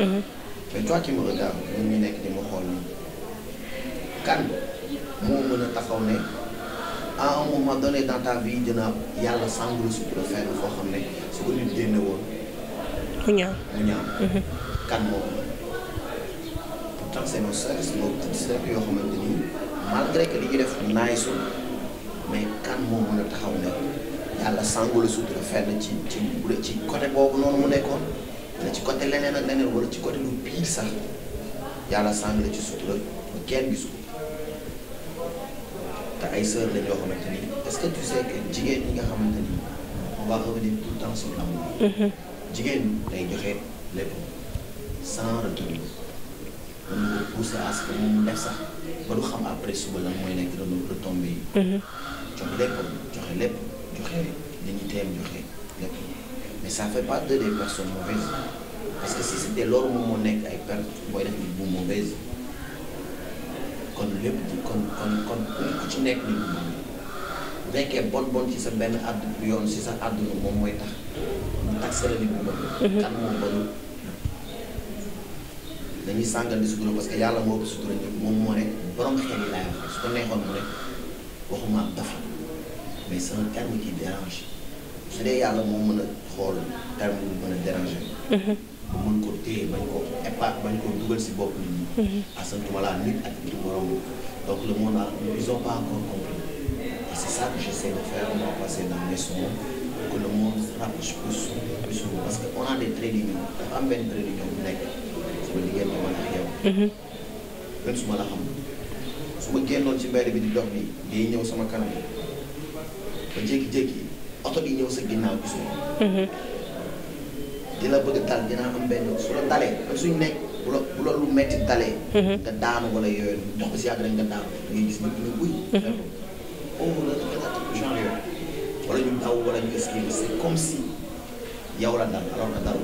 Mhm. mais toi tu me regardes ñu nekk di ma xool nii kan moo mën a taxaw ne à un moment donné dans ta vie dina yàlla sàngul sutura fenn foo xam ne su ko nit génne woon. mu ñaaw mu ñaaw. Mhm. kan moo yoo xamante ni malgré que li ñu def naay su mais kan moo mën a taxaw ne yàlla sàngul sutura fenn ci ci ci côté boobu noonu mu nekkoon. wala ci côté leneen ak leneen wala ci côté lu pire sax yàlla sàng la ci sutura ñu kenn gisu ko te ay sœur la ñoo xamante ni est que tu sais que jigéen ñi nga xamante ni on va revenir tout le temps sur l'amour. Mm-hmm. jigéen day joxe lépp sans retenue mën moom mu def sax ba du xam après suba lan mooy nekk retombé yi. Mm-hmm. joxe lépp joxe lépp joxe li ñu teem joxe lépp. sa ça de des personnes mauvaises que si c'était loolu moom moo nekk ay per booy def nit bu mauvaise kon lépp kon kon ci nekk nit bu nekkee bon bon ci sa benn àdd yoon ci sa àdduna moom mooy tax mu tax sa la nit bu mhm. moom dañuy sàngal di sutura parce que yàlla moo ko sutura ñëpp moom xel yi laay su ko neexoon mu ne waxuma dafa mais c'est un terme dérange. su dee yàlla moo mën a xool terme bu mën a déranger. ba mhm. mën ko téye bañ ko épa bañ ko dugal si bopp nit ñi. asantumala mhm. nit ak nit morom donc le monde a ils ont pas encore compris et c'est ça que j'essaie de faire moi passer a des dafa am benn trait d'union nekk sama mhm. la xam su ma génnoon ci mbedd bi di dox nii day ñëw sama kanam ba jékki-jékki. oto bi ñëw sa ginnaaw gisoo. Mhm. di la bëgg dal dina am benn su la dalee ak suñ nekk bu la bu la lu metti dalee. Mhm. nga daanu wala yooyu dox ko si yàgg mhm. la dafa daal la dal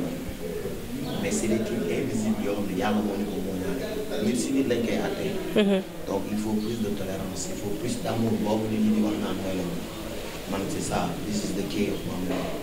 alors que si nit lañ koy àttee. donc il faut plus de il faut plus d'amour boobu nit ñi di wax naan mooy loolu. man c'est ça this is the key of Bambey